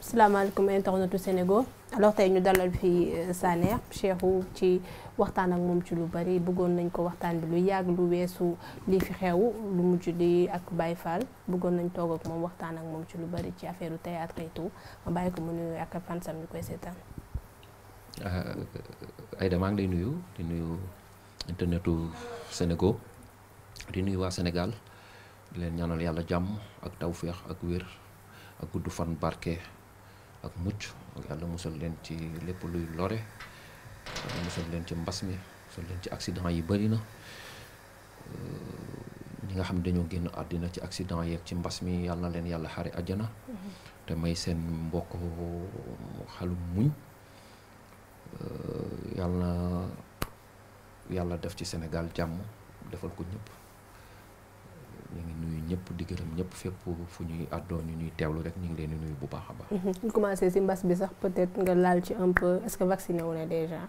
salaamaaleykum internetu Sénégal alors tey ñu dalal fi euh, Sanékh Cheikhou ci waxtaan ak moom ci lu bari bëggoon nañ ko waxtaan bi lu yàgg lu weesu lii fi xew lu mujj di ak Baye fal bëggoon nañ toog moom waxtaan ak moom ci lu bari ci affaire théâtre et tout ma bàyyi ko mu nuyu ak fansam ñu koy seetaan. Euh, Aïda maa ngi lay nuyu di nuyu internetu Sénégal di nuyu waa Sénégal di leen ñaanal yàlla jàmm ak tawféex ak wér ak gudd fan barke. ak mucc yàlla musal leen ci lépp luy lore yàlla musal leen ci mbas mi musal leen ci accident yi bëri na euh, ñi nga xam dañoo génn àddina ci accident yeeg ci mbas mi yàlla leen yàlla xare àjjana mm-hmm. te may seen mbokk xalu muñ euh, yàlla na yàlla def ci senegal jàmm defal ko ñëpp ñu ngi nuyu ñëpp di ñëpp fépp fu ñuy àddoo ñu ñuy teewlu rek ñu leen nuyu bu baax a baax. Mhm. ñu commencé ci mbas bi sax peut-être nga laal ci un peu est-ce que vacciné wu na déjà.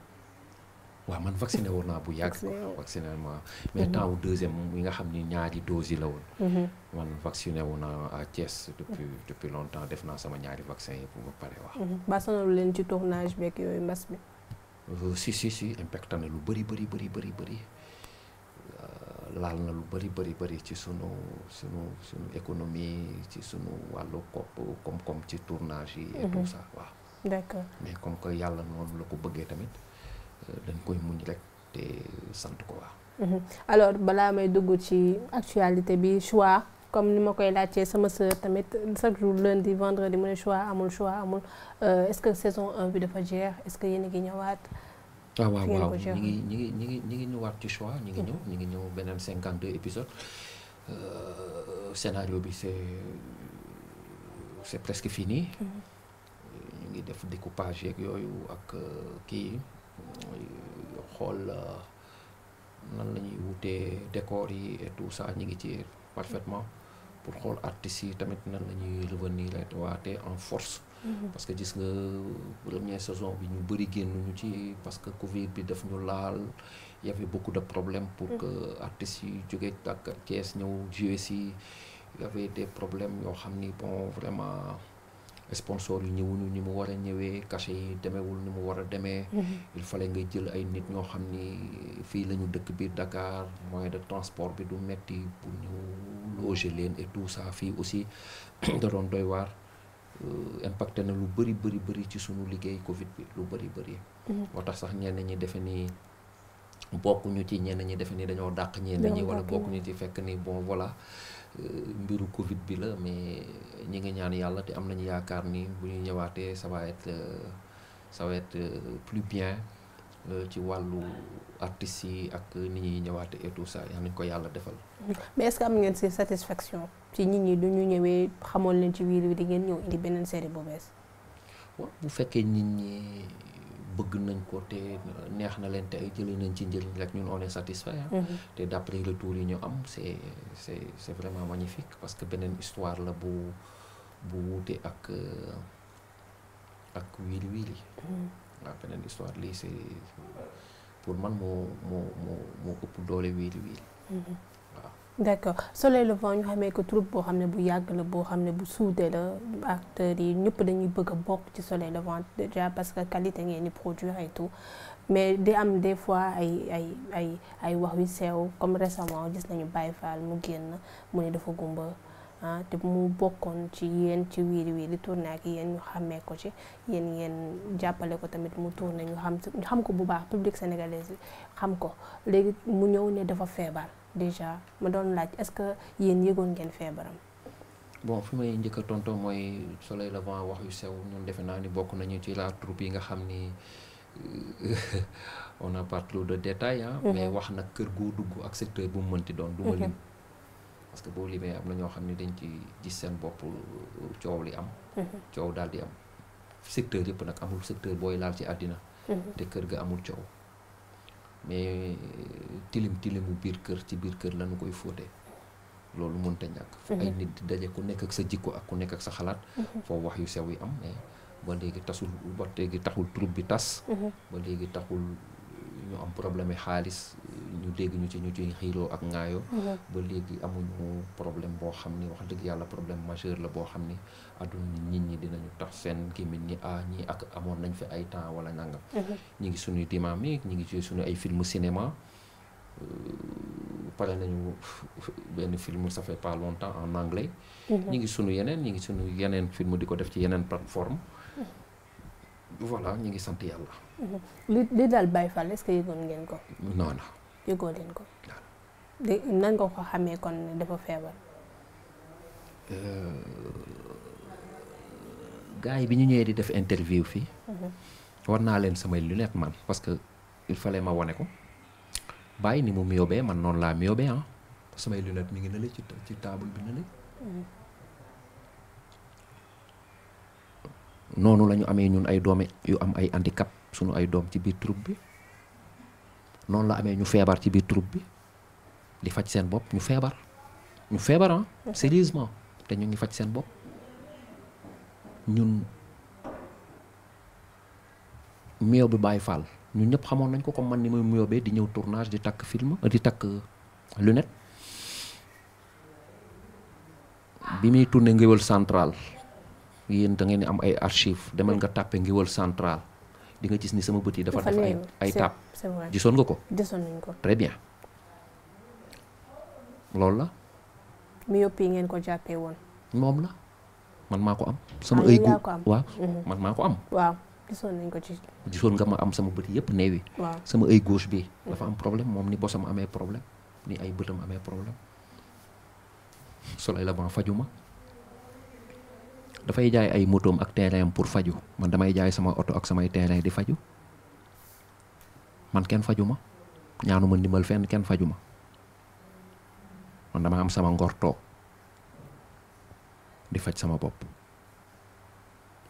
waaw man vacciné woon naa bu yàgg. vacciné naa mais mhm. temps wu deuxième yi nga xam ni ñaari doses yi la woon. Mhm. man vacciné wu naa à Thiès depuis depuis longtemps def naa sama ñaari vaccin yi pour pare wax. ba sonalu leen ci tournage beeg yooyu mbas bi. Euh, si si si na lu bëri bëri bëri bëri laal na lu bëri bëri bëri ci sunu sunu sunu économie ci sunu wàllu kopp koom-koom ci tournage yi. et tout mhm. ça waaw. d'accord mais comme que yàlla noonu la ko bëggee tamit euh, dañ koy muñ rek te sant ko waaw. Mhm. alors balaa may dugg ci actualité bi choix. comme ni ma koy laajtee sama sœur tamit chaque jour lundi vendredi mu ne choix amul choix amul euh, est-ce que saison 1 bi dafa jeex est-ce que yéen a ñëwaat. Ah, waaw waaw waaw ñu ngi ñi ngi ñu ngi ñu ngi ñëwaat ci choix ngi ñëw ñu ngi ñëw beneen cinquante deux épisode euh, scénario bi c' est c' est presque fini mm-hmm. ñu ngi def découpage yeeg yooyu ak euh, kii xool euh, nan la ñuy wutee décor yi et tout ça ñu ngi ci parfaitement mm-hmm. pour xool artistes yi tamit nan la ñuy revenir waate en force Mhm. parce que gis nga première saison bi ñu bëri génnuñu ci parce que Covid bi daf ñu laal y avait beaucoup de problèmes pour mhm. que artistes yi jógee ak Thiès ñëw jouer si y problème ñoo xam ni bon vraiment sponsors yi ñëwuñu ni mu war a ñëwee cachet yi demeewul ni mu war a demee mhm. il fallait ngay jël ay nit ñoo xam ni fii lañu dëkk biir Dakar moyen de transport bi du metti pour ñu loger leen et tout ça fii aussi da doon doy waar Euh, impacté na lu bari bëri bëri ci sunu liggéey Covid bi lu bëri bëri. Mhm. moo tax sax ñenn ñi defe nii bokkuñu ci ñenn ñi defe nii dañoo dàq ñenn ñi wala bokkuñu ci fekk nii bon voilà euh, mbiru Covid bi la mais ñi ngi ñaan yàlla te am nañu yaakaar ni bu ñuy ñëwaatee ça va être euh, plus bien ci wàllu artistes yi ak ni ñuy ñëwaatee et tout ça yal nañu ko yàlla defal. mais est-ce am ngeen ci satisfaction. ci nit ñi du ñu ñëwee xamoon leen ci wiir wi di ngeen ñëw indi beneen série bu bees. bu fekkee nit ñi bëgg nañ ko te neex na leen te ay jëlee nañ ci njëriñ rek ñun on est satisfait. Mhm. te d' après yi ñu am c' est c' est c' est vraiment magnifique parce que beneen histoire la bu bu wuute ak euh, ak wiir wiir yi. waaw beneen histoire lii c' pour man moo moo moo ëpp doole wiir wiir. d'accord soleil levant ñu xamee ko troupe boo xam ne bu yàgg la boo xam ne bu suudee la acteurs yi ñëpp dañuy bëgg a bokk ci soleil levant déjà parce que qualité ngeen di produire et tout mais di am des fois ay ay ay ay wax yu sew comme récemment gis nañu Baye fal mu génn mu ne dafa gumba ah te mu bokkoon ci yéen ci wiiri wiiri tourné ak yéen ñu xàmmee ko ci yéen ngeen jàppale ko tamit mu tourné ñu xam ñu xam ko bu baax public sénégalais yi xam ko léegi mu ñëw ne dafa feebar déjà ma doon laaj est-ce que yéen yëgoon ngeen feebaram. bon fu may njëkk a tontoo mooy soleil levant wax yu sew ñun defe naa ni bokk nañu ci la troupe yi nga xam ni. Euh, on n'a pas trop de détails mm-hmm. mais wax nag kër goo dugg ak secteur bu mu mënti doon. du mm-hmm. lim parce que boo limee am na ñoo xam ne dañ ci gis seen bopp euh, coow li am mhm. coow daal di am secteur yëpp nag amul secteur booy laal ci àddina mhm. te kër ga amul coow mais euh, tilim tilimu biir kër ci biir kër lañu koy fóote loolu mënta ñàkk fu ay mhm. nit di daje ku nekk ak sa jikko ak ku nekk ak sa xalaat foofu wax yu sew yi am mais ba léegi tasul ba léegi taxul troupe bi tas ba léegi taxul ñu am problème xaalis ñu dégg ñu ci ñu ciy xiiroo ak ŋaayoo ba léegi amuñu problème boo xam ni wax dëgg yàlla problème majeur la boo xam ni adduna nit ñi dinañu tax seen gémmiñ ni ah ñii ak amoon nañ fi ay temps wala nangam ñi ngi suñuy dynamique ñi ngi ci suñu ay film cinéma euh, pare nañu benn film ça fait pas longtemps en anglais ñi ngi suñu yeneen ñi ngi suñu yeneen film di ko def ci yeneen plateforme voilà ñi ngi sant yàlla li li daal Baye Fall est-ce ngeen ko. non non. yëgoo leen ko. de ko dafa feebar. Euh, gars yi bi ñu ñëwee di def interview fii. Mhm. naa leen samay lunette man parce que il ma wone ko bàyyi ni mu miyoobee man noonu laa miyoobee ah samay lunette mi ngi nële ci ci table mhm. amee ñun ay doomi yu am ay handicap. sunu ay doom ci biir troupe bi noonu la amee ñu feebar ci biir troupe bi di faj seen bopp ñu feebar ñu feebar ah te ñu ngi faj seen bopp ñun mio bi Baye Fall ñun ñëpp xamoon nañ ko comme man ni muy mio bee di ñëw tournage di takk film di takk lunette bi muy tourné Ngéwël Central yéen da ngeen di am ay archive demal nga tàppe Ngéwël Central di nga gis ni sama bët yi dafa def ay ay taab gisoon nga ko gisoon nañ ko très bien loolu la myopie ngeen ko jàppee woon moom la man maa ko am sama ay ah, gu waaw mhm. man maa ko am waaw gisoon nañ ko ci gisoon nga ma am sama bët yëpp neewi waaw sama ay goos bi dafa am mhm. problème moom ni sama amee problème ni ay bëtam amee problème soleil la ban fajuma dafay jaay ay motom ak terrain am pour faju man damay jaay sama oto ak samay terrain di faju man kenn faju ma ñaanu ma ndimbal fenn kenn faju ma man dama am sama ngor toog di faj sama bopp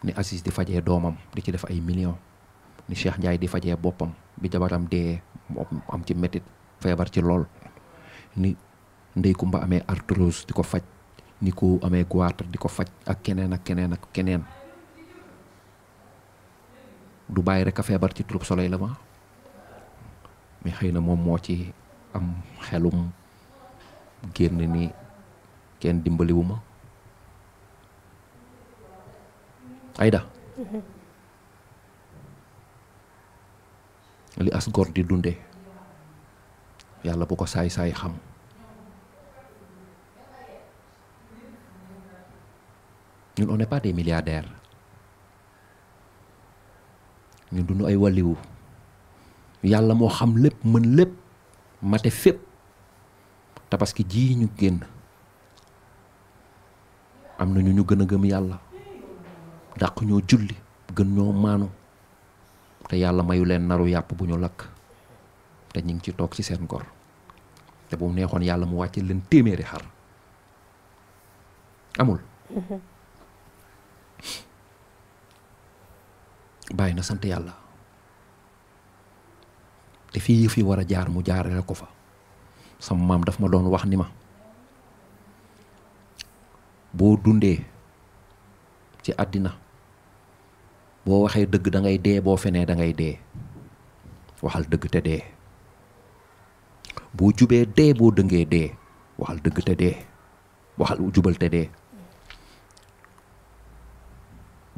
ni Aziz di fajee doomam di ci def ay million ni Cheikh Ndiaye di fajee boppam bi jabaram dee am ci métit feebar ci lool ni Ndey Kumba amee arthrose di ko faj ni ko amee goitre di ko faj ak keneen ak keneen ak keneen du bàyyi rek a feebar ci troupe soleil levant mais xëy na moom moo ci am xelum génn ni kenn dimbaliwu ma Aïda mm-hmm. li as gor di dunde yàlla bu ko saay-saay xam ñun on n'est pas ñu milliardaires ay waliwu yàlla moo xam lépp mën lépp mate fépp tabaski jii ñu génn am na ñu ñu gën a gëm yàlla dàq ñoo julli gën ñoo maanu te yàlla mayu leen naru yàpp bu ñu lakk te ñu ngi ci toog ci seen gor te bu neexoon yàlla mu wàcc leen téeméeri xar amul mhm. bàyyi na sant yàlla te fii yëf war a jaar mu jaarale ko fa sama maam daf ma doon wax ni ma boo dundee ci àddina boo waxee dëgg da ngay dee boo fenee dangay ngay dee waxal dëgg te dee boo jubee dee boo dëngee dee waxal dëgg te dee waxal jubal te dee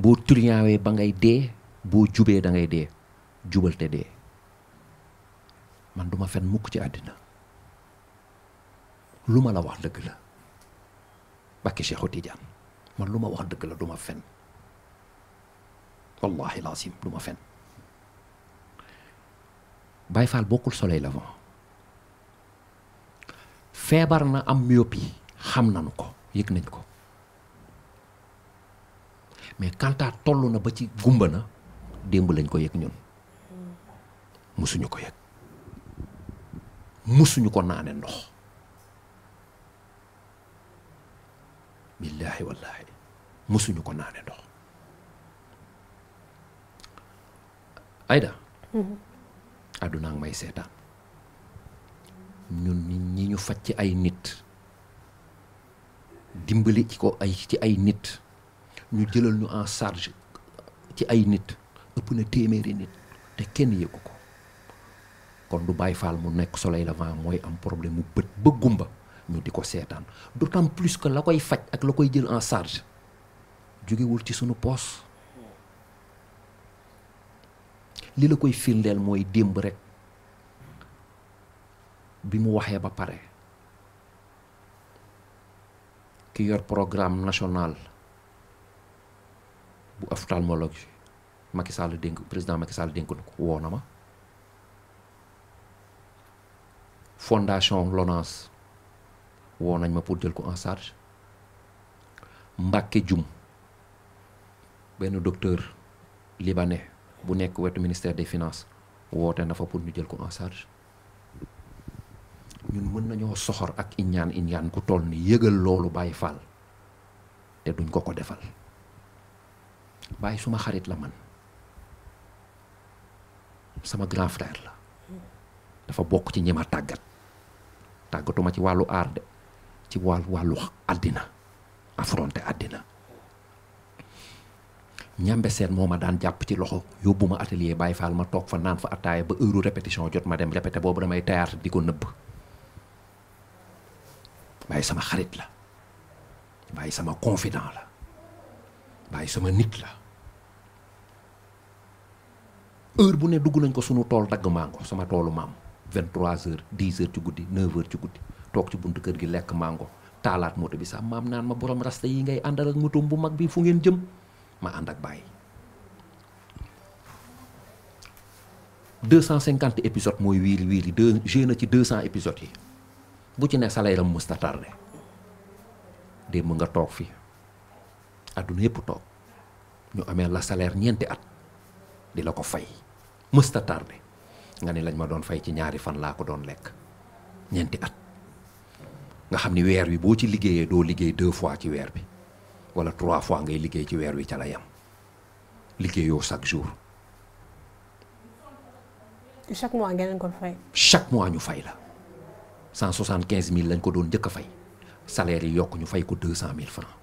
boo turiyaawee ba ngay dee boo jubee da ngay dee jubal te dee man duma fen mukk ci àddina lu ma la wax dëgg la bàkki Cheikhu Tidiane man lu ma wax dëgg la duma fen wallahi lazim du ma fen Baay Faal bokkul soleil levant feebar na am myopie xam nan ko yëg nañ ko mais quant tollu na ba ci gumba na démb lañ ko yëg ñun musuñu ko yëg musuñu ko naane ndox billaahi wallaahi ko naane ndox ayda mm-hmm. àdduna ak may seetaan ñun nit ñi ñu faj ci ay nit dimbali ci ko ay ci ay nit ñu jëlal ñu en charge ci ay nit ëpp na téeméeri nit te kenn yëgu ko kon du Baye Fall mu nekk soleil levant mooy am problème mu bët ba gumba ñu di ko seetaan du d'autant plus que la koy faj ak la koy jël en charge jógewul ci sunu poos li la koy firndeel mooy démb rek bi mu waxee ba pare ki yor programme national bu ophtalmologie Macky Sall dénk président Macky Sall dénk na ko woo na fondation Lonase woo nañ ma pour jël ko en charge Mbacke Dioum benn docteur libanais bu nekk wetu ministère des finances woote na fa pour ñu jël ko en charge ñun mën nañoo soxor ak iñaan iñaan ku toll ni yëgal loolu bàyyi Fall te duñ ko ko defal Baye suma xarit la man sama grand frère la dafa bokk ci ñi tàggat tàggatuma ci wàllu aar de ci wàllu wàllu àddina affronté àddina ñambe seen moo ma daan jàpp ci loxo yóbbu ma atelier bàyyi faal ma toog fa naan fa attaaya ba heure répétition jot ma dem répété boobu damay théâtre di ko nëbb bàyyi sama xarit la bàyyi sama confident la bàyyi sama nit la heure bu ne dugg nañ ko sunu tool dagg mango sama toolu maam 23h 10h ci guddi 9h ci guddi toog ci buntu kër gi lekk mango taalaat moto bi sax maam naan ma borom rasta yi ngay àndal ak moto bu mag bi fu ngeen jëm ma ànd ak bàyyi. 250 épisodes mooy wiili wiili deux joué na ci 200 épisodes yi bu ci ne salaire am mësta tardé démb nga toog fi àdduna yëpp toog ñu amee la salaire ñeenti at di la ko fay. mësta tardé nga ni lañ ma doon fay ci ñaari fan laa ko doon lekk ñeenti at nga xam ni weer wi boo ci liggéeyee doo liggéey deux fois ci weer bi wala trois fois ngay liggéey ci weer wi ca la yam liggéeyoo chaque jour. chaque mois ngeen ko fay. chaque mois ñu fay la cent soixante quinze mille lañ ko doon njëkk a fay salaire yi yokk ñu fay ko deux cent mille francs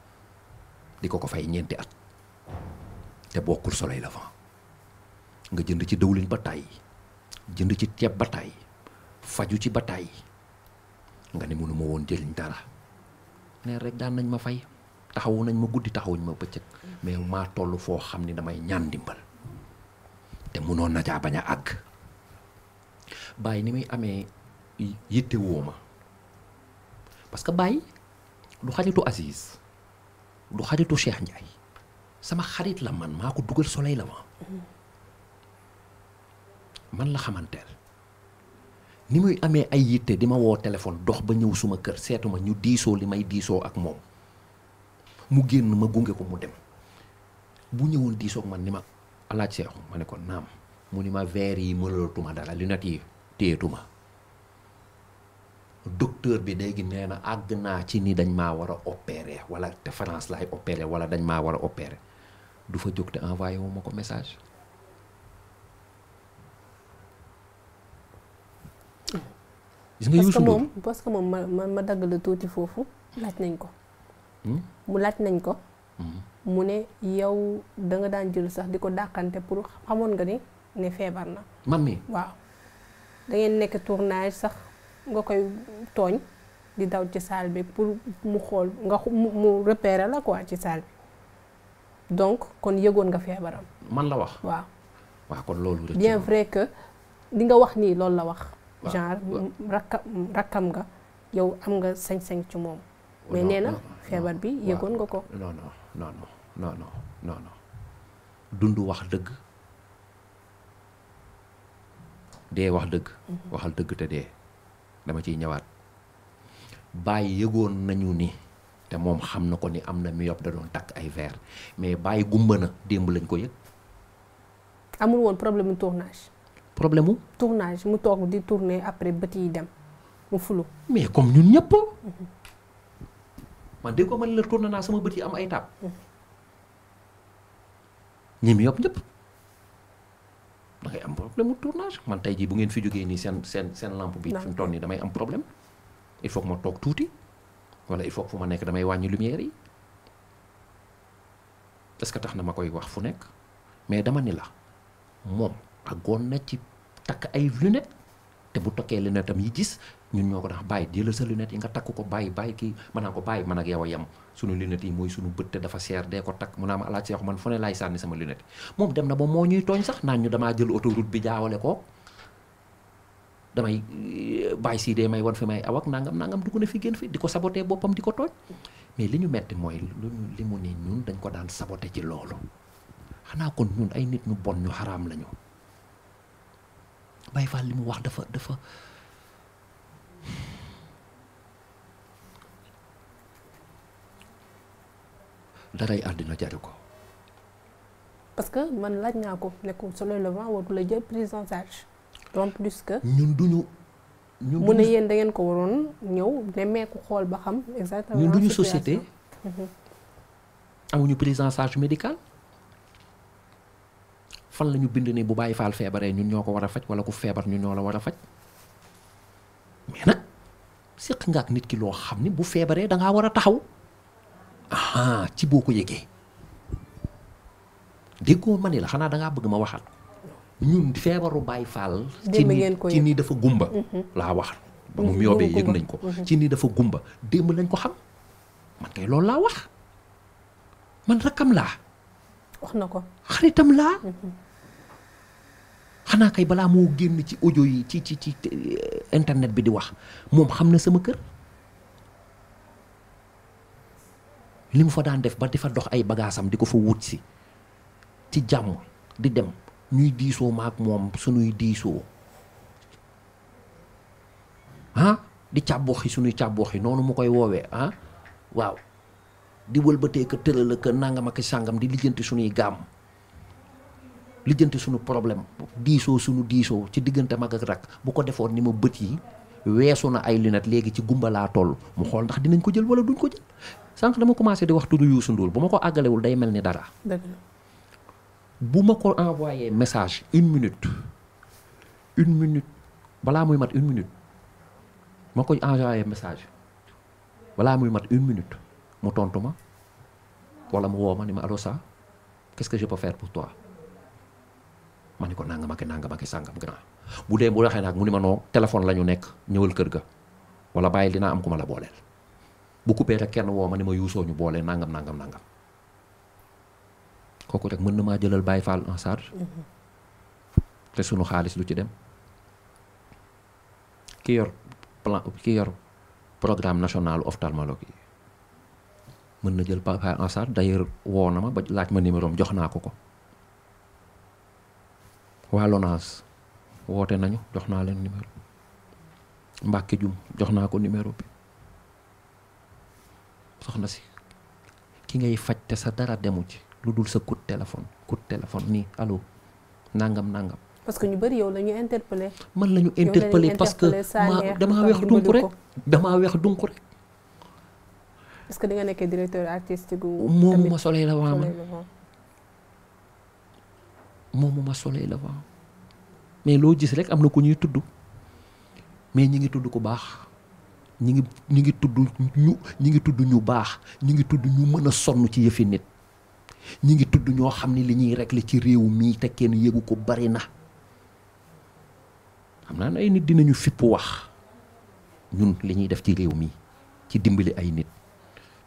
di ko ko fay ñeenti at te bokkul soleil levant nga jënd ci dëwlin ba tàyyi jënd ci ceeb ba tàyyi faju ci ba tàyyi nga ne mënuma woon jëliñ dara ne rek daan nañ ma fay taxawu nañ ma guddi taxawuñ ma bëccëg mais maa toll foo xam ni damay ñaan ndimbal te mënoon na caa bañ a àgg bàyyi ni muy amee yitte woo ma parce que bàyyi du xaritu Aziz du xaritu Cheikh Ndiaye sama xarit la man maa ko dugal soleil la ma man la xamanteel ni muy amee ay yitte di ma woo téléphone dox ba ñëw suma kër seetuma ñu diisoo li may diisoo ak moom mu génn ma gunge ko mu dem bu ñëwoon diisoo man ni ma alaaj seexu ma ne ko naam mu ni ma veer yi mënalatuma dara lunette yi téyetuma docteur bi léegi nee na àgg naa ci ni dañ maa war a opérer wala te France laay wala dañ maa war a opérer du fa jóg te envoyé wu ma ko message gis nga Youssou que moom parce ma ma dagg la tuuti foofu laaj nañ ko. Hmm? mu laaj nañ ko. Hmm. mu ne yow danga daan jël sax di ko dàqante pour xamoon nga ni ne feebar na. man mi waaw. dangeen ngeen nekk tournage sax nga koy tooñ di daw ci salle bi pour mu xool nga mu mu repérer la quoi ci salle bi donc kon yëgoon nga feebaram. man la wax waaw. waaw kon loolu. bien vrai que li wax nii loolu la wax. genre rakka rakkam nga yow am nga sañ-sañ ci moom oh, mais nee na feebar bi yëgoon nga ko non non non non non non non dund wax dëgg dee wax dëgg mhm. waxal dëgg te dee dama ciy ñëwaat bàyyi yëgoon nañu ni te moom xam na ko ni am na myope da doon takk ay verre mais bàyyi gumba na démb lañ ko yëg amul woon problème tournage problème mu. tournage mu toog di tourner après bët yi dem mu fulu. mais comme ñun ñëpp. Mhm. man déggoo man la tourné naa sama bët yi am ay taab. Mhm. ñi mi am problème mu tournage man tey jii bu ngeen fi jógee nii seen seen seen lampe bi. fi mu toll damay am problème. il faut ma toog tuuti wala il faut fu ma nekk damay wàññi lumière yi est que tax na ma koy wax fu nekk mais dama ni la moom. àggoon na ci takk ay lunettes te bu tokkee lunette am yi gis ñun ñoo ko tax bàyyi jëlal sa lunette yi nga takk ko bàyyi bàyyi kii mën naa ko bàyyi man ak yow a yem sunu lunette yi mooy sunu bët te dafa dee ko takk mun alaaj seexu man fu laay sànni sama lunette moom dem na ba moo ñuy tooñ sax ñu damaa jël autoroute bi jaawale ko damay eh, bàyyi sii dee may wan fi may ak nangam nangam dugg na fi génn fi di ko sabotee boppam di ko tooñ mais li ñu metti mooy li mu ne ñun dañ ko daan saboté ci loolu xanaa ko ñun ay nit ñu bon ñu xaraam lañu Baye fa li mu wax dafa dafa daray àddina jaru ko. parce que man laaj naa ko nekkul solo le vent warul la jël prise en donc plus que. ñun duñu ñu mu ne yéen da ngeen ko waroon ñëw nemmeeku xool ba xam. exactement ñun duñu société. Mhm. amuñu prise en charge médicale. fan la ñu bind ne bu bàyyi faal feebaree ñun ñoo ko war a faj wala ku feebar ñun ñoo la war a faj mais nag séq nga ak nit ki loo xam ne bu feebaree dangaa war a taxaw ah ci boo ko yëgee déggoo ma ne la xanaa da bëgg ma waxaat ñun feebaru bàyyi faal. ci ni ci ni dafa gumba. Mhm. laa wax ba mu yóbbee yëg nañ ko. Mhm. ci ni dafa gumba démb lañ ko xam man kay loolu laa wax man rakkam laa. xaritam laa. Mhm. xanaa kay balaa moo génn ci audio yi ci ci ci eh, internet bi di wax moom xam na sama kër li mu fa daan def ba di fa dox ay bagaasam di ko fa wut si ci jàmm di dem ñuy diisoo maak moom suñuy diisoo ah di càbboxi suñuy càbboxi noonu mu koy woowee ah waaw di wëlbatee ka tërala ka nangam ak sàngam di lijjanti suñuy gàmm lijjanti suñu problème diisoo suñu diisoo ci diggante mag ak bu ko defoon ni ma bët yi weesu na ay lunettes léegi ci gumba laa toll mu xool ndax dinañ ko jël wala duñ ko jël sànq dama commencé di wax tudd Youssou Ndour bu ma ko àggalewul day mel ni dara. bu ma ko envoyé message une minute balaa muy mat une minute ma koy envoyé message balaa muy mat une mu tontu ma wala mu woo ma ni ma allo ça qu'est-ce que je peux faire pour toi. ma ni ko nangam ak nangam ak sàngam grand bu dee bu waxee nag mu ni ma noo téléphone la ñu nekk ñëwal kër ga wala bàyyi dinaa am ku ma la booleel bu coupé rek kenn woo ma ni ma yuusoo ñu boole nangam nangam nangam kooku rek mën na maa jëlal Baye Fall en mm-hmm. te sunu xaalis du ci dem ki yor plan ki yor programme national ophtalmologie mën na jël Baye Fall en charge d'ailleurs woo ma ba laaj ma numéro jox naa ko ko waa Lonase woote nañu jox naa leen numéro Mbacke Dioum jox naa ko numéro bi soxna si ki ngay faj te sa dara demu ci lu dul sa coup téléphone coup téléphone nii allo nangam nangam. parce que ñu bari yow la ñu interpellé. man lañu ñu interpellé parce que ma damaa weex dunq rek damaa weex dunq rek. est que di nga nekkee directeur artistique. moom ma soleil la waa moomu ma soleil levant mais loo gis rek am na ko ñuy tudd mais ñu ngi tudd ku baax ñu ngi ñi ngi tudd ñu ñi ngi tudd ñu baax ñi ngi tudd ñu mën a sonn ci yëfi nit ñi ngi tudd ñoo xam ne li ñuy régler ci réew mii te kenn yëgu ko bari na xam naa ne ay nit dinañu fipp wax ñun li ñuy def ci réew mii ci dimbali ay nit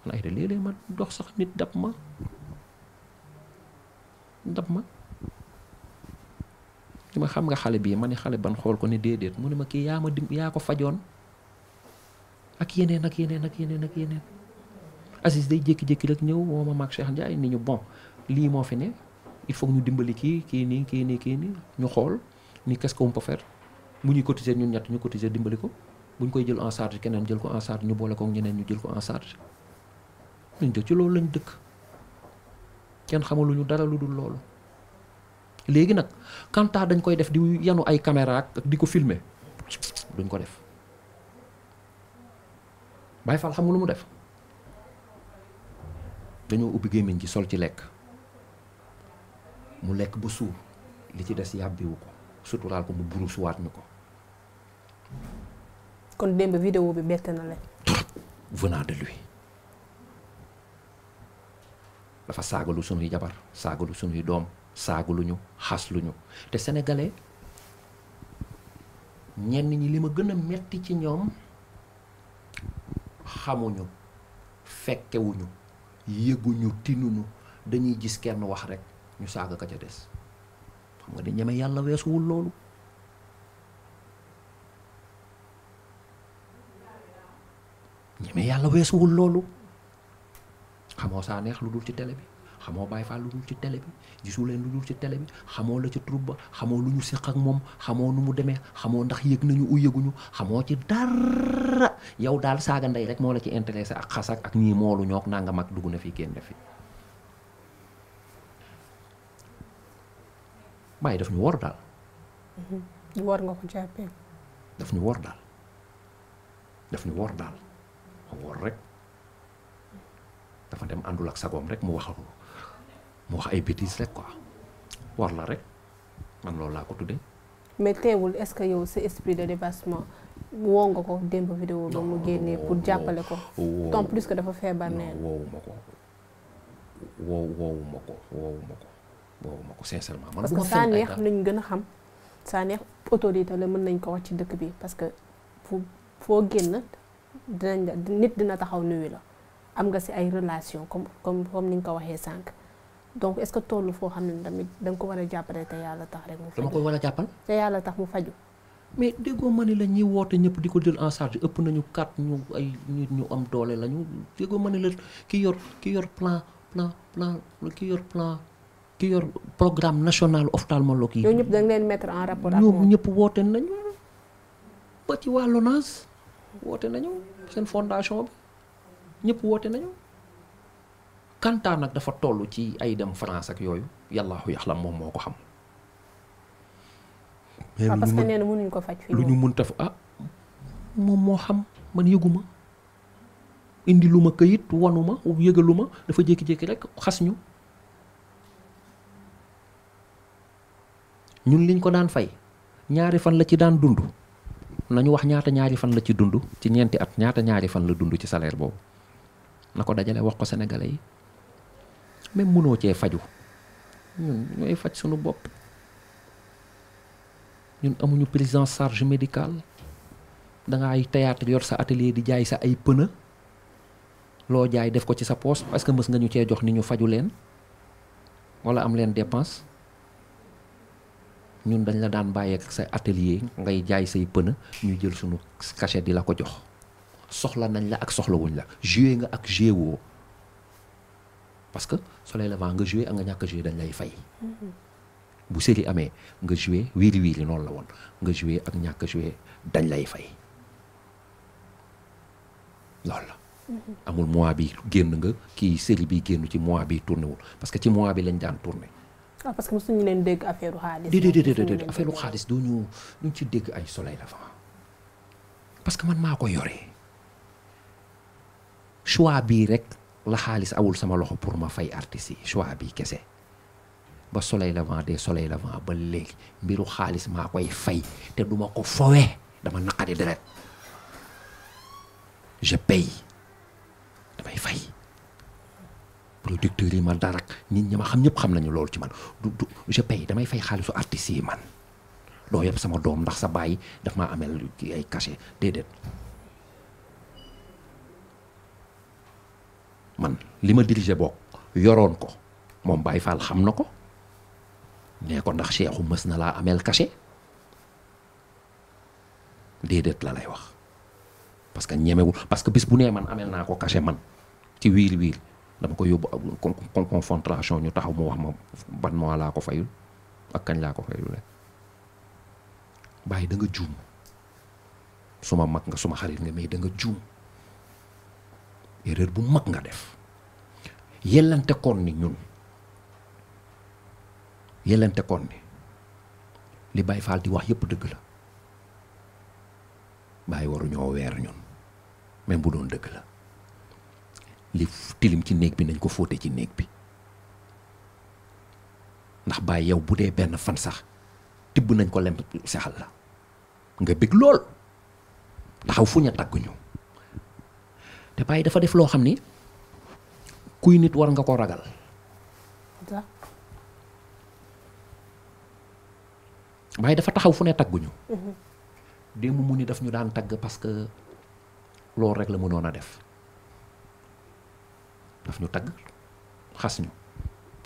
man ma dox sax nit dab ma dab ma ni ma xam nga xale bii ma ni xale ban xool ko ne déedéet mu ne ma kii yaa ma dim yaa ko fajoon ak yeneen ak yeneen ak yeneen ak yeneen Aziz day jékki-jékki rek ñëw woo ma mag Cheikh Ndiaye ni ñu bon lii moo fi ne il faut ñu dimbali kii kii nii kii nii kii nii ñu xool ni qu'est-ce qu'on peut faire mu ñuy cotiser ñun ñett ñu cotiser dimbali ko bu ñu koy jël en charge keneen jël ko en charge ñu boole ko ñeneen ñu jël ko en charge ñu dëkk ci loolu lañ dëkk kenn xamaluñu dara lu dul loolu. léegi nag quant dañ koy def di yanu ay caméra di ko filmer duñ ko def Baye Fall xam lu mu def dañoo ubbi gémmiñ ci sol ci lekk mu lekk bu suur li ci des yàbbiwu ko suturaal ko mu burusuwaat ñu ko kon démb vidéo bi bett na la trop venant de lui dafa saagalu sunuy jabar saagalu sunuy doom saaguluñu xasluñu te sénégalais ñenn ñi li ma gën a metti ci ñoom xamuñu fekkewuñu yëguñu tinuñu dañuy gis kenn wax rek ñu saaga ko ca des xam nga di ñeme yàlla weesuwul loolu ñeme yàlla weesuwul loolu xamoo saa neex lu dul ci tele bi xamoo Baye Fall lu dul ci tele bi gisu leen lu dul ci télé bi xamoo la ci troupe ba xamoo lu ñu séq ak moom xamoo nu mu demee xamoo ndax yëg nañu u yëguñu xamoo ci dara yow daal saaga ndey rek moo la ci intéressé ak xasak ak ñii moolu ñook nanga mag dugg na fi génn fi Baye daf ñu wor daal. Mm-hmm. wor nga ko daf ñu wor daal daf ñu wor daal wor dafa dem àndul ak sagoom rek mu waxalul mu wax ay bêtises rek quoi war rek loolu laa ko tuddee. ce que yow sa esprit de dépassement woo nga ko démb vidéo ba mu génnee pour ko. tant dafa feebar neen. woowu ma ko woowu parce que saa neex lañ gën a xam saa neex autorité la mën nañ ko wax ci dëkk bi parce que fu foo génn dinañ la nit dina taxaw nuyu la am nga si ay relation comme comme comme ni ñu ko waxee sànq. donc est-ce que tollu foo xam ne tamit da ko war a jàppale te yàlla tax rek. mu faju ko a jàppal. yàlla tax mu faju mais déggoo ma ne la ñuy woote ñëpp di ko jël en charge ëpp nañu kat ñu ay nit ñu am doole la ñu déggoo ma ne la ki yor ki yor plan plan plan ki yor plan ki yor programme national ophtalmologie yi. ñooñu ñëpp da leen mettre en rapport ak ñoom ñëpp woote nañu ba ci waa LONASE woote nañu seen fondation bi ñëpp woote nañu. kantaan nag dafa toll ci ay dem France ak yooyu yàllaahu la moom moo ko xam. mais ah, parce que nee na mënuñu ko faj lu ñu mënta fa ah moom moo xam man yëguma indi lu ma këyit wanu ma yëgalu ma dafa jékki-jékki rek xas ñu. ñun liñ ko daan fay ñaari fan la ci daan dund nañu wax ñaata ñaari fan la ci dund ci ñeenti at ñaata ñaari fan la dund ci salaire boobu na ko dajale wax ko sénégalais yi. même munoo cee faju ñun ñooy faj suñu bopp ñun amuñu prise charge médical da ngay théâtre yor sa atelier di jaay sa ay pneu loo jaay def ko ci sa poos parce que mës nga ñu cee jox ni ñu faju leen wala am leen dépense ñun dañ la daan bàyyeek ak sa atelier ngay jaay say pneu ñu jël sunu cachet di la ko jox soxla nañ la ak soxlawuñ la joué nga ak joué woo parce que soleil levant nga joué ak nga ñàkk a joué dañ lay fay. Mm-hmm. bu série amee nga joué wiiri wiiri noon la woon nga joué ak ñàkk a dañ lay fay loolu la. Mm-hmm. amul mois bi génn nga kii série bi génn ci mois bi tourné wul parce que ci mois bi lañ daan tourné. ah parce que mosuñu leen dégg affaire xaalis. déedéet déedéet doo ñu ñu ci dégg ay soleil levant parce que man maa ko yore choix bii rek. la xaalis awul sama loxo pour ma fay artistes yi choix bi kese ba soleil levant des soleil levant ba léegi mbiru xaalis maa koy fay te duma ko fowe dama naqari deret je paye damay fay producteurs yi ma darak nit ñi ma xam ñëpp xam nañu loolu ci man du du je paye damay fay xaalisu artistes yi man doo yëpp sama doom ndax sa bàyyi daf maa amel ay cachet déedéet man li ma dirigé bokk yoroon ko moom baay Fall xam na ko nee ko ndax Cheikhou mës na laa ameel kase déedéet la lay wax parce que ñemewul parce que bis bu nee man ameel naa ko kase man ci wiil wiil dama ko yóbbu ak confrontation ñu taxaw mu wax ma ban mois laa ko fayul ak kañ laa ko fayul rek bàyyi da juum suma mag nga suma xarit nga mais da nga juum. erreur bu mag nga def yellante koon ni ñun yellante koon ni li Baye Fall di wax yépp dëgg la Baye waruñoo weer ñun même bu doon dëgg la li tilim ci néeg bi nañ ko fóote ci néeg bi ndax Baye yow bu dee benn fan sax tibb nañ ko lem saxal la nga bëgg lool taxaw fu ñu te bàyyi dafa def loo xam ni kuy nit war nga ko ragal. bàyyi dafa taxaw fu ne tagguñu. démb mu ni daf ñu daan tagg parce que loolu rek la mënoon a def daf ñu tagg xas ñu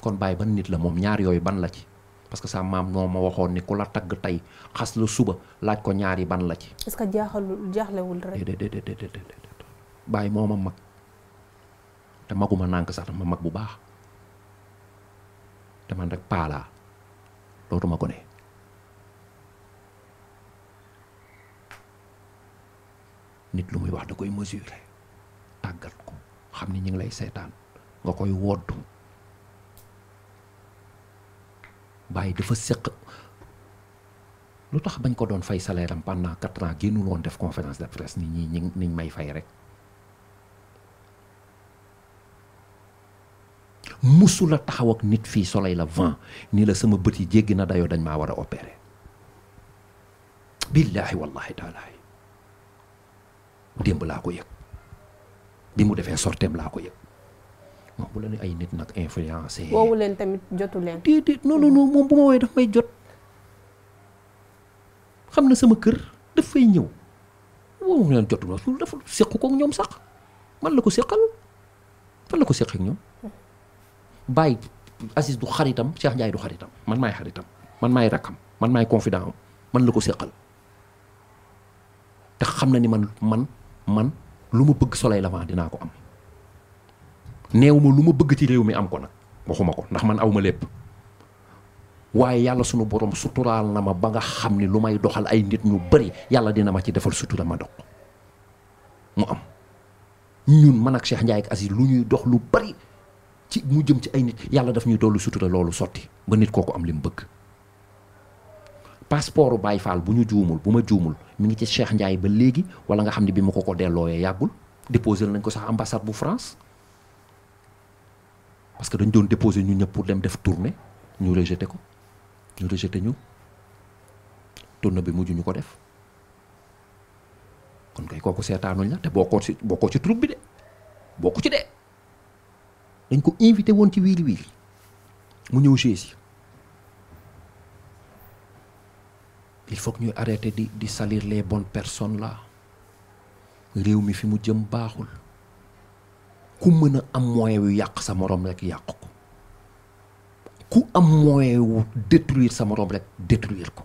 kon bàyyi ba nit la moom ñaar yooyu ban la ci. parce que sa maam moo ma waxoon ni ku la tagg tey xas la suba laaj ko ñaari ban la ci. est-ce que jaaxalul jaaxlewul rek. déedéet déedéet déedéet bàyyi moo ma mag te maguma nànk sax ma mag bu baax te man rek paalaa dootuma ko ne nit lu muy wax da koy mesurer tàggat ko xam ne ñu ngi lay seetaan nga koy woddu bàyyi dafa séq lu tax bañ ko doon fay salaire am pendant quatre ans génnul woon def conférence de presse ni ñi ñi niñ may fay rek musu la taxaw ak nit fii soleil la vent nii la sama bët yi jéggi na dayoo dañ maa war a opéré billaahi wallaahi taalaahi démb laa ko yëg bi mu defee sorteem laa ko yëg moom bu ay nit nag influence woowu tamit jotu leen déedéet non non ma woowee daf may jot xam na sama kër daf fay ñëw woowu leen jotu ma su dafa sequ kook ñoom sax man la ko seqal fan la ko seq ak ñoom bàyyi Aziz du xaritam Cheikh Ndiaye du xaritam man maay xaritam man maay rakkam man maay confident am man la ko séqal te xam na ni man man man lu ma bëgg soleil levant dinaa ko am neew ma lu ma bëgg ci réew mi am ko nag waxuma ko ndax man aw ma lépp waaye yàlla sunu borom suturaal na ma ba nga xam ni lu may doxal ay nit ñu bari yàlla dina ma ci defal sutura ma dox mu am ñun man ak Cheikh Ndiaye ak Aziz lu ñuy dox lu bari ci mu jëm ci ay nit yàlla def ñuy dollu sutura loolu sotti ba nit kooku am li mu bëgg passeportu Baye Fall bu ñu juumul bu ma juumul mi ngi ci Cheikh Ndiaye ba léegi wala nga xam ne bii ma ko ko dellooyee yàggul déposé nañ ko sax ambassade bu France parce que dañ doon déposé ñu ñëpp dem def tournée ñu rejeté ko ñu rejeté ñu tournée bi mujj ñu ko def kon kay kooku seetaanuñ la te boo ci bokkoo ci troupe bi de bokku ci de. dañ ko invité woon ci Wiri Wiri mu ñëw Gési il faut ñuy arrêter di di salir les bonnes personnes là réew mi fi mu jëm baaxul ku mën a am moyen wu yàq sa moroom rek yàq ko ku am moyen wu détruire sa moroom rek détruire ko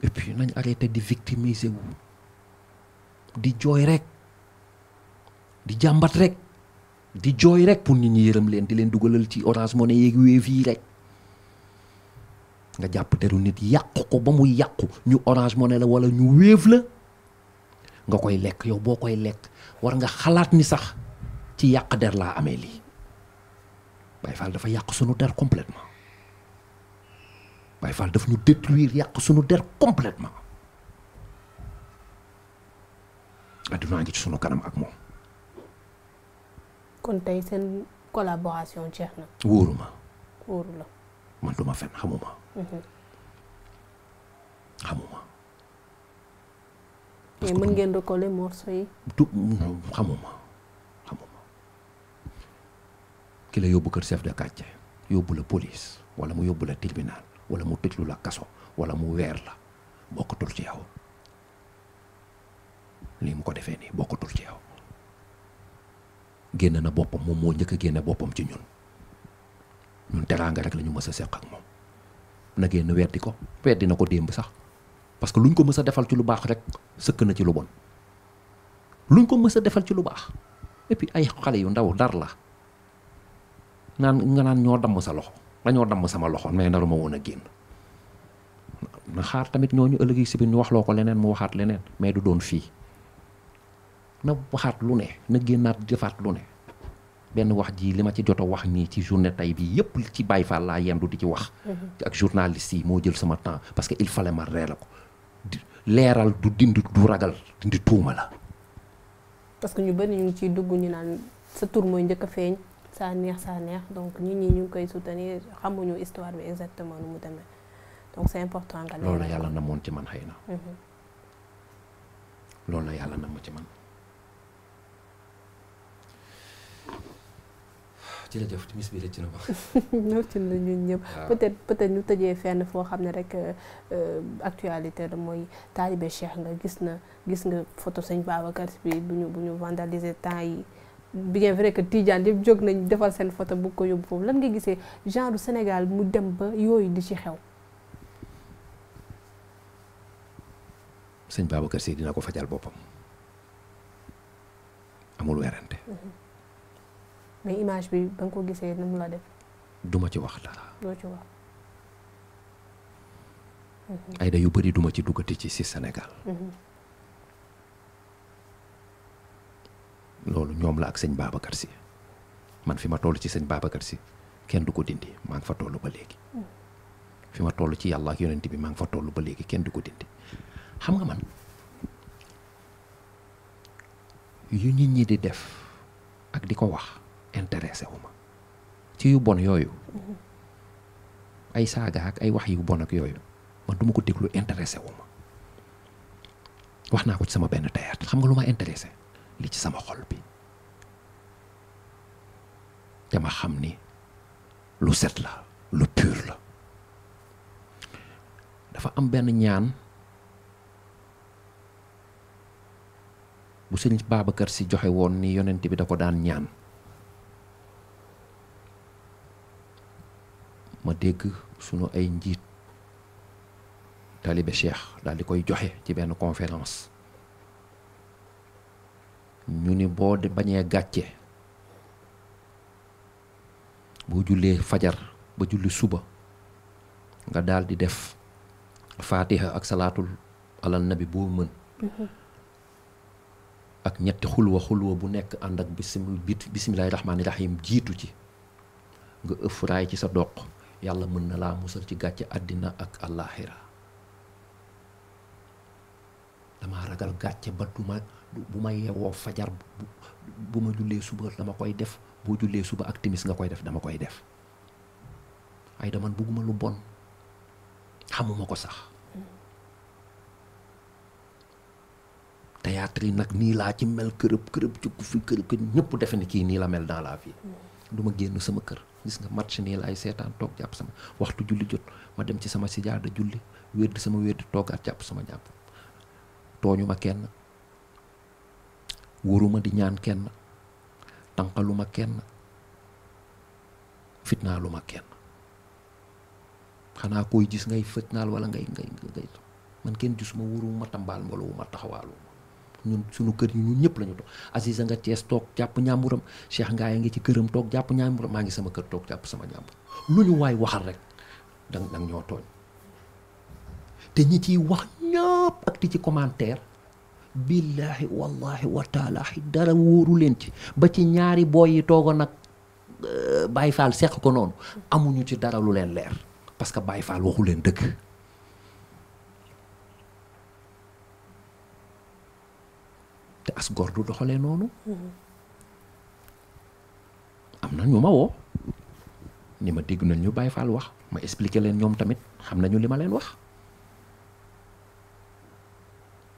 et nañ arrêter di victimiser wu di jooy rekk di jàmbat rek. di jooy rek pour nit ñi yërëm leen di leen dugalal ci Orange Money yeeg Wave yi rek nga jàpp deru nit yàqu ko ba mu yàqu ñu Orange ne la wala ñu Wave la nga koy lekk yow boo koy lekk war nga xalaat ni sax ci yàq der laa amee lii Baye Fall dafa yàq sunu der complètement Baye Fall daf ñu détruire yàq sunu der complètement addunaa ngi ci sunu kanam ak moom kon tey seen collaboration jeex na. wóoru ma. wóoru la. man mhm. ngeen recoller morceau yi. du xamuma xamuma ki yóbbu kër chef de quartier yóbbu la police wala mu yóbbu la tribunal wala mu tëjlu la kaso wala mu weer la bokkatul ci yow lii mu ko defee nii bokkatul ci yow. génn na boppam moom moo njëkk a génne boppam ci ñun ñun teraanga rek lañu ñu mës a seq ak moom na génn weddi ko weddi na ko démb sax parce que luñ ko mës a defal ci lu baax rek sëkk na ci lu bon luñ ko mës a defal ci lu baax et ay xale yu ndaw dar la naan nga naan ñoo damm sa loxo dañoo damm sama loxo mais naruma woon a génn na xaar tamit ñu ëllëg si biir ñu waxloo ko leneen mu waxaat leneen mais du doon fii. na waxaat lu ne na génnaat jëfaat lu ne benn wax ji li ma ci jot wax nii ci journée tay bii yëpp ci Baye Fall laa yendu di ci wax. Mhm. ak journaliste yi moo jël sama temps parce que il fallait ma reela ko leeral du dindi du ragal dindi tuuma la. parce que ñu bëri ñu ngi ciy dugg ñu naan sa tur mooy njëkk a feeñ saa neex sa neex donc nit ñi ñu koy soutenir xamuñu histoire bi exactement nu mu demee donc c'est important. nga leeral la yàlla na moon ci man xëy na. Mhm. la yàlla na ma ci man. ci timis bi rëcc na ma. rëcc na ñun ñëpp. peut ñu tëjee fenn foo xam ne rek actualité la mooy taalibe Cheikh nga gis na gis nga photo sëñ Babacar bi bu ñu bu ñu vandaliser temps yi bien vrai que Tidiane yëpp jóg nañ defal seen photo bu ko yóbbu foofu lan nga gisee genre Sénégal mu dem ba yooyu di ci xew. sëñ Babacar si dina ko fajal boppam amul werante. mais bi ba nga ko gisee nu mu la def. duma ci wax dara. doo ci wax. Mm-hmm. yu bëri duma ci duggati ci si Sénégal. Mm-hmm. loolu ñoom la ak sëñ baabakat si man fi ma toll ci sëñ Babacar si kenn du ko dindi maa ngi fa toll ba léegi. Mm-hmm. fi ma toll ci yàlla ak yonent bi maa ngi fa toll ba léegi kenn du ko dindi xam nga man yu nit di def ak di ko wax. intéressé wu ma ci yu bon yooyu ay saaga ak ay wax yu bon ak yooyu man duma ko déglu intéressé wu wax naa ko ci sama benn théâtre xam nga lu ma intéressé li ci sama xol bi dama xam ni lu set la lu pur la dafa am benn ñaan bu sëñ Babacar si joxe woon ni yonent bi da ko daan ñaan ma dégg sunu ay njiit talibe cheikh daal di koy joxe ci benn conférence ñu ni boo bañee gàcce boo jullee fajar ba julli suba nga daal di def faatiha ak salaatul alal nabi boo mën mm-hmm. ak ñetti xulwa xulwa bu nekk ànd ak bisim bismillaahi rahmaani rahim jiitu ci nga ëff ci sa doq yàlla mën na laa musal ci gàcce àddina ak àllaaxira dama ragal gàcce ba du bu ma yeewoo fajar bu ma jullee suba dama koy def boo jullee suba ak timis nga koy def dama koy def ay dama bugguma lu bon xamuma ko sax théâtre nag nii laa ci mel kërëb kërëb ci ku fi defe ne kii nii la mel dans la vie du ma génn sama kër gis nga match nii ay seetaan toog jàpp sama waxtu julli jot ma dem ci sama sijaada julli wérdi sama wérdi toogaat jàpp sama jàpp tooñu ma kenn wóoruma di ñaan kenn tànqalu ma kenn fitnaalu ma kenn xanaa koy gis ngay fitnaal wala ngay ngay man kenn gisuma wóoruma tambaal mbala wu ma taxawaalu ñun suñu kër yi ñun ñëpp la ñu toog Aziza nga cees toog jàpp ñàmburam Cheikh Ngaye ngi ci këram toog jàpp ñàmburam maa ngi sama kër toog jàpp sama ñàmbur lu ñu waay waxal rek da nga ñoo tooñ te ñi ciy wax ñëpp ak di ci commentaire billahi wallahi wa taalahi dara wóoru leen ci ba ci ñaari booy yi toogoon ak euh, Baye Fall seq ko noonu amuñu ci dara lu leen leer parce que Baye Fall waxu leen dëkk as góor du doxalee noonu. Mhm. am na ñu ma woo ni ma dégg nañ ñu Baye Fall wax ma expliquer leen ñoom tamit xam nañu li ma leen wax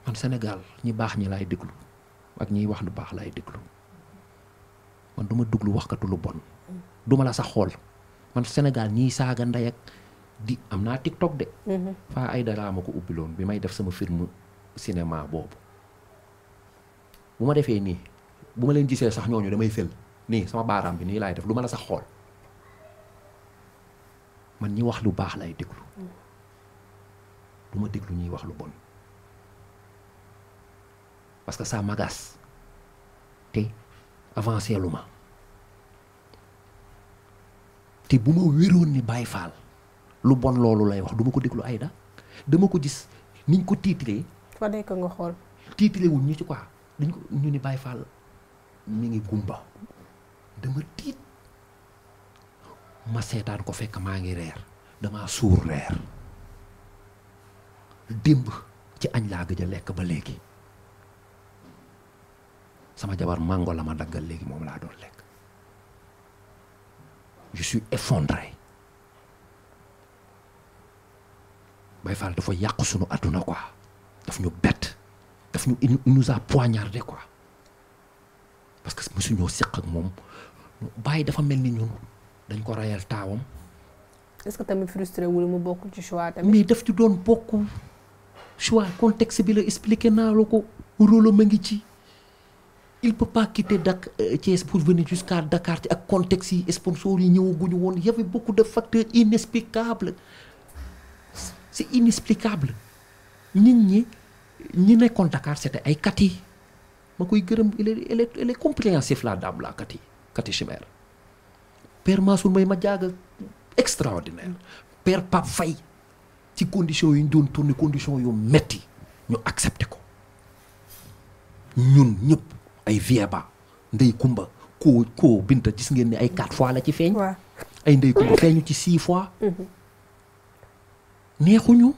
man Sénégal ñi baax ñi laay déglu ak ñiy wax lu baax laay déglu man du ma déglu waxkatu lu bon mhm. duma la sax xool man Sénégal ñiy saaga ndey ak di am naa TikTok de. Mhm. Faa Aïdara ma ko ubbiloon bi may def sama film cinéma boobu. bu ma defee nii bu ma leen gisee sax ñooñu damay fël nii sama baaraam bi nii laay def lu ma la sax xool man ñi wax lu baax lay déglu du ma déglu ñuy wax lu bon parce que ça te avancé lu ma te bu ma wéroon ni Baye Fall lu bon loolu lay wax du ma ko déglu Aïda dama ko gis niñ ko tiitree. fa dekk nga xool. tiitree wuñ ñu ci quoi. dañ ñu ni Baye Fall mi ngi gumba dama tiit ma seetaan ko fekk maa ngi reer damaa suur reer démb ci añ laa gëj lekk ba léegi sama jabar màngo la ma daggal léegi moom laa doon lekk je suis effondré Baye dafa yàq sunu àdduna quoi daf ñu bett daf ñu il nous a poignardé quoi parce que mosuñoo seq ak moom bàyyi dafa mel ni ñun dañ ko rayal taawam. est-ce que tamit frustré wul mu bokk ci choix tamit. mais daf ci doon bokk choix contexte bi la expliqué naa la ko rôle ma ngi ci. il peut pas quitter Dak euh, Thiès pour venir jusqu'à Dakar ci ak contexte yi sponsors yi ñëwaguñu woon y avait beaucoup de facteurs inexplicables c'est inexplicable nit ñi. ñi nekkoon Dakar c'était ay Kati ma koy gërëm il est il est il est Kati Kati Chimère père may ma jaaga extraordinaire père fay ci conditions yi ñu doon tourné conditions yu metti ñu accepté ko ñun ñëpp ay Vieba Ndey Kumba koo koo Binta gis ngeen ay quatre fois la ci feeñ. ay Ndey Kumba feeñu ci six fois. Mm-hmm. neexuñu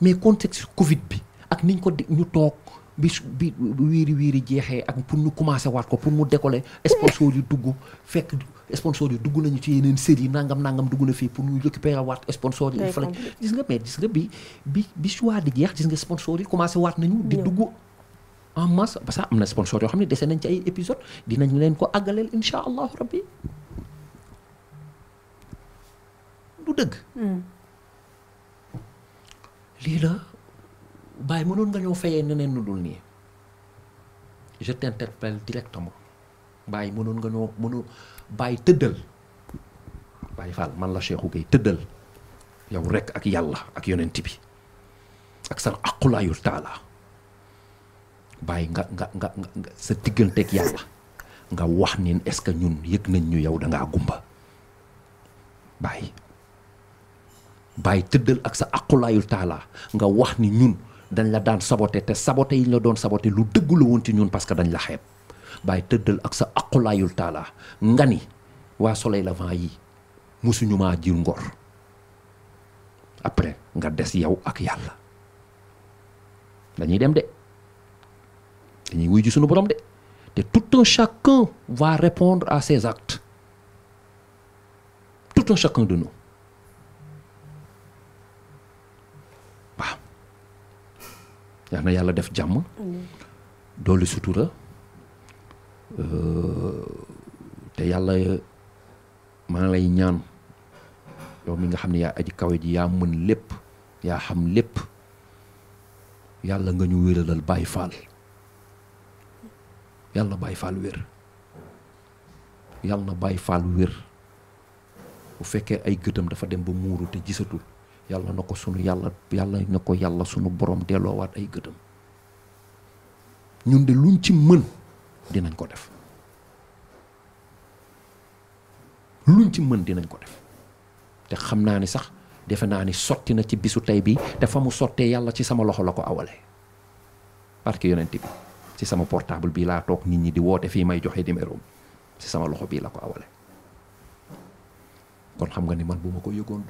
mais contexte Covid bi. ak ñu toog bi bi wiiri wiiri jeexe ak pour ñu commencé waat ko pour mu décoller sponsor yu dugg fekk sponsor yu dugg nañu ci yeneen série nangam nangam dugg na fii pour ñu récupérer waat sponsor yi fale gis nga mais gis nga bi bi bi choix di jeex gis nga sponsor yi commencé waat nañu di dugg en masse parce que am na sponsor yoo xam ne dese nañ ci ay épisode dinañ leen ko àggaleel insha allahu rabbi du dëgg hmm. baay mënoon nga ñoo fayee neneen nu dul nii je t'interpelle directement bàyyi mënoon nga ñoo bàyyi tëddal bàyyi Fall man la Cheikhou Gueye tëddal yow rek ak yàlla ak yonent bi ak sa aqulaayu taala bàyyi nga nga nga sa digganteeg yàlla nga wax ni est-ce que ñun yëg nañ ñu yow da ngaa gumba bàyyi bàyyi tëddal ak sa aqulaayu taala nga wax ni ñun. dañ la daan saboté te saboté yi ñu la doon saboté lu dëggul la woon ci ñun parce que dañ la xeeb bàyyi tëddal ak sa aqulaayul taala nga ni waa la levant yi musuñu maa jir ngor après nga des yow ak yàlla dañuy dem de dañuy wuy ji suñu borom de te tout un chacun va répondre à ses actes tout un yal na yàlla def jàmm doolu sutura euh, te yàlla maa ngi lay ñaan yow mi nga xam ne yaa aji kawe ji yaa mën lépp yaa xam lépp yàlla nga ñu wéralal Baye Fall yàlla Baye Fall wér yàlla na Baye Fall wér bu fekkee ay gëtam dafa dem ba muuru te gisatul yàlla na ko sunu yàlla yàlla na ko yàlla sunu borom delloowaat ay gëtam ñun de luñ ci mën dinañ ko def luñ ci mën dinañ ko def te xam naa ni sax defe naa ni sotti na ci bisu tey bi te fa mu sottee yàlla ci sama loxo la ko awale parce que yonent bi ci sama portable bii laa toog nit ñi di woote fii may joxe numéro ci sama loxo bii la ko awale kon xam nga ni man bu ma ko yëgoon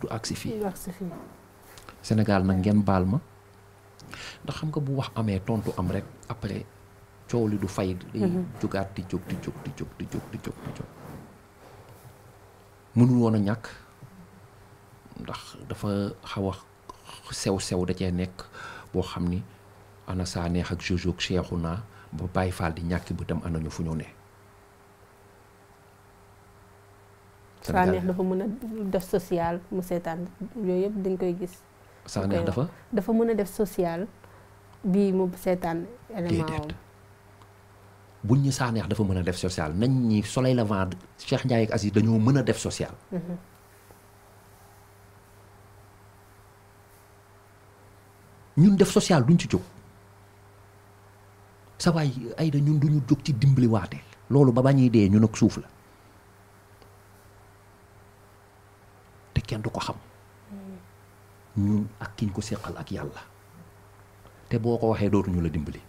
du agsi fii senegal nag ngeen baal ma ndax xam nga bu wax amee tontu am rek après coow li du fay mhm. day jógaat di jóg di jóg di jóg di ñàkk ndax dafa xaw a sew-sew da cee nekk boo xam ni ana saa neex ak Jojo ak Cheikhouna ba Baye Fall di ñàkki bëtam anañu fu ñu ne Sénégal dafa mën a def social mu seetaan yooyu yëpp dañ koy gis. Sanekh dafa dafa mën a def social bii mu seetaan élément am. buñ ñu Sanekh dafa mën a def social nañ ñi Soleil Levant Cheikh Ndiaye ak Aziz dañoo mën a def social. Mhm. ñun def social duñ ci jóg. sa ay da duñu jóg ci dimbaliwaate loolu ba ba dee ñun ak suuf la. kenn du ko xam ñun ak kiñ ko séqal ak yàlla te boo ko waxee dootuñu la dimbali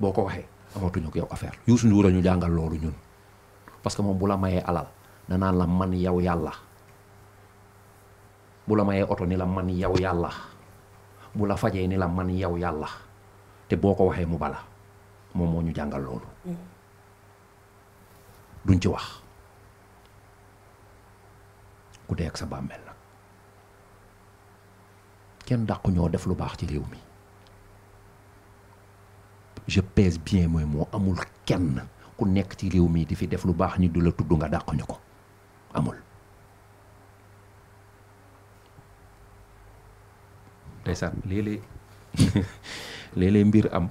boo ko waxee amatuñu ko yow affaire Youssou Ndour ñu jàngal loolu ñun parce que moom bu la mayee alal danaan la man yow yàlla bu la mayee oto ni la man yow yàlla bu la fajee ni la man yow yàlla te boo ko waxee mu bala moom moo ñu jàngal loolu mm-hmm. duñ ci wax ku dee ak sa bàmmeel nag kenn dàqu ñoo def lu baax ci réew mi je pèse bien mooy moo amul kenn ku nekk ci réew mii di fi def lu baax ñu du la tudd nga dàqu ñu ko amul. ndeysaan léeg-léeg mbir am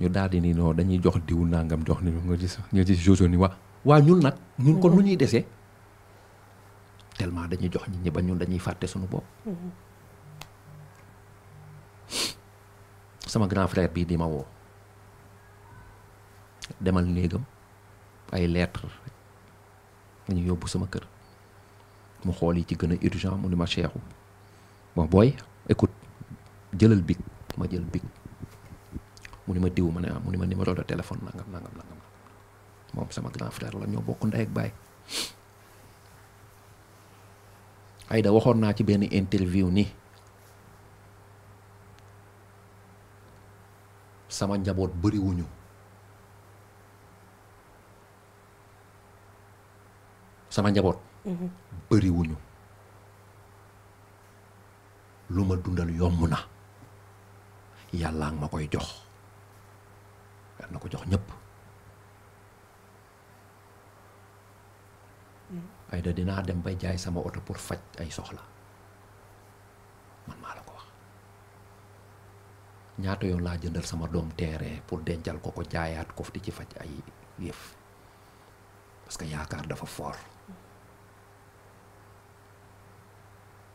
ñu daal di ni non dañuy jox diw nangam jox ni nga gis nga gis jojo ni waa waa ñun nag. ñun kon lu ñuy dese. tellement dañuy jox nit ñi ba ñun dañuy fàtte suñu bopp. sama grand frère bii di ma woo demal néegam ay lettre ñu yóbbu sama kër mu xool yi ci gën a urgent mu ni ma Cheikhou bon booy écoute jëlal big ma jël big mu ni ma diw ma ne ah mu ni ma numéro de téléphone nangam nangam nangam moom sama grand frère la ñoo bokk ndey ak Aïda waxoon naa ci benn interview ni sama njaboot bëriwuñu sama njaboot mhm. bëriwuñu lu ma dundal yomb na yàlla ma koy jox yàlla na ko jox ñëpp ay da dinaa dem bay jaay sama oto pour faj ay soxla man maa la ko wax ñaata yoon laa jëndal sama doom terrain pour dencal ko ko jaayaat ko di ci faj ay yëf parce que yaakaar dafa fort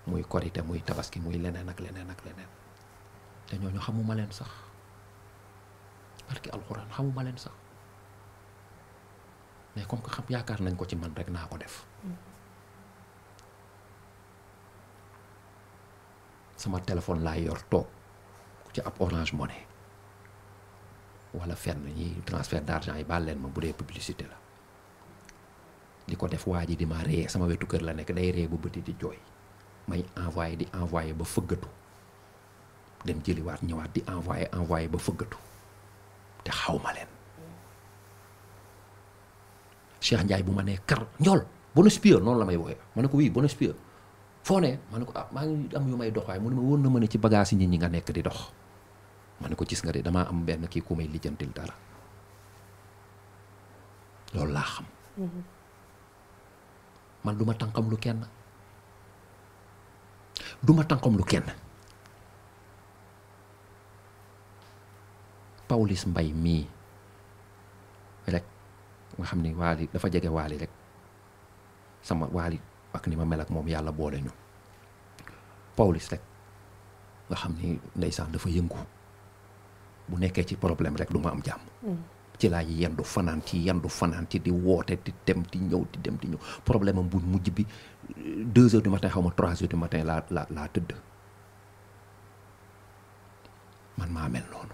muy korite muy tabaski muy leneen ak leneen ak leneen te ñooñu xamuma leen sax parce que alxuraan xamuma leen sax mais comme que xam yaakaar nañ ko ci man rek naa ko def sama téléphone laay yor toog ci ab orange money wala fenn ñi transfert d'argent yi baal leen ma bu dee publicité la di ko def waa ji di ma ree sama wetu kër la nekk day ree bu bëti di jooy may envoyé di envoyé ba fëggatu dem jëliwaat ñëwaat di envoyé envoyé ba fëggatu te xaw ma leen Cheikh Ndiaye bu ma nee kar njool Bonespierre noonu la may woowee ma ne ko oui Bonespierre foo ma ne ko ah maa ngi am yu may dox mu ne ma wóor na ma ci bagage yi nit nga nekk di dox ma ne ko gis nga de damaa am benn kii ku may lijjantil dara loolu laa xam. Mhm. man du ma lu kenn du ma lu kenn. Pawlish Mbaye mii nga xam ni waali dafa jege waali rek sama waali ak ni ma mel ak moom yàlla boole ñu Pawlish rek nga xam ni ndeysaan dafa yëngu bu nekkee ci problème rek du ma am jàmm mm. ci laa yendu fanaan ci yendu fanaan ci di woote di dem di ñëw di dem di ñëw problème bu mujj bi deux heures du matin xaw ma trois heures du matin laa la laa tëdd man maa mel noonu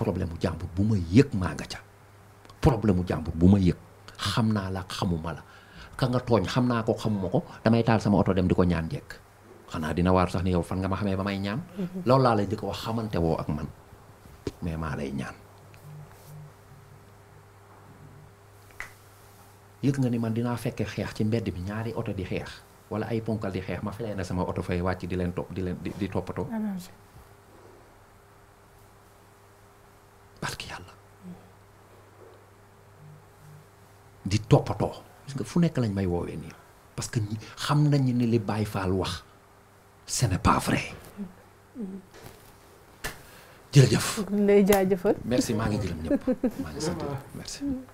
problème bu jàmbur bu ma yëg maa nga ca problème mu jàmbur bu ma yëg xam naa la xamuma la ka nga tooñ xam naa ko xamuma ko damay taal sama oto dem di ko ñaan jekk xanaa dina waar sax ni yow fan nga ma xamee ba may ñaan. Mhm. loolu laa lay njëkk wax xamante woo ak man mais maa lay ñaan. yëg nga ni man dinaa fekkee xeex ci mbedd bi ñaari oto di xeex wala ay ponkal di xeex ma fexe na sama oto fay wàcc di leen topp di leen toppatoo. barki yàlla. di toppatoo parce que fu nekk lañ may woowee nii parce que xam nañu ne li bàyyi Fall wax ce n'est pas vrai mm-hmm. jërëjëf. lay jaajëfal merci maa ngi gërëm ñëpp maa ngi sant merci.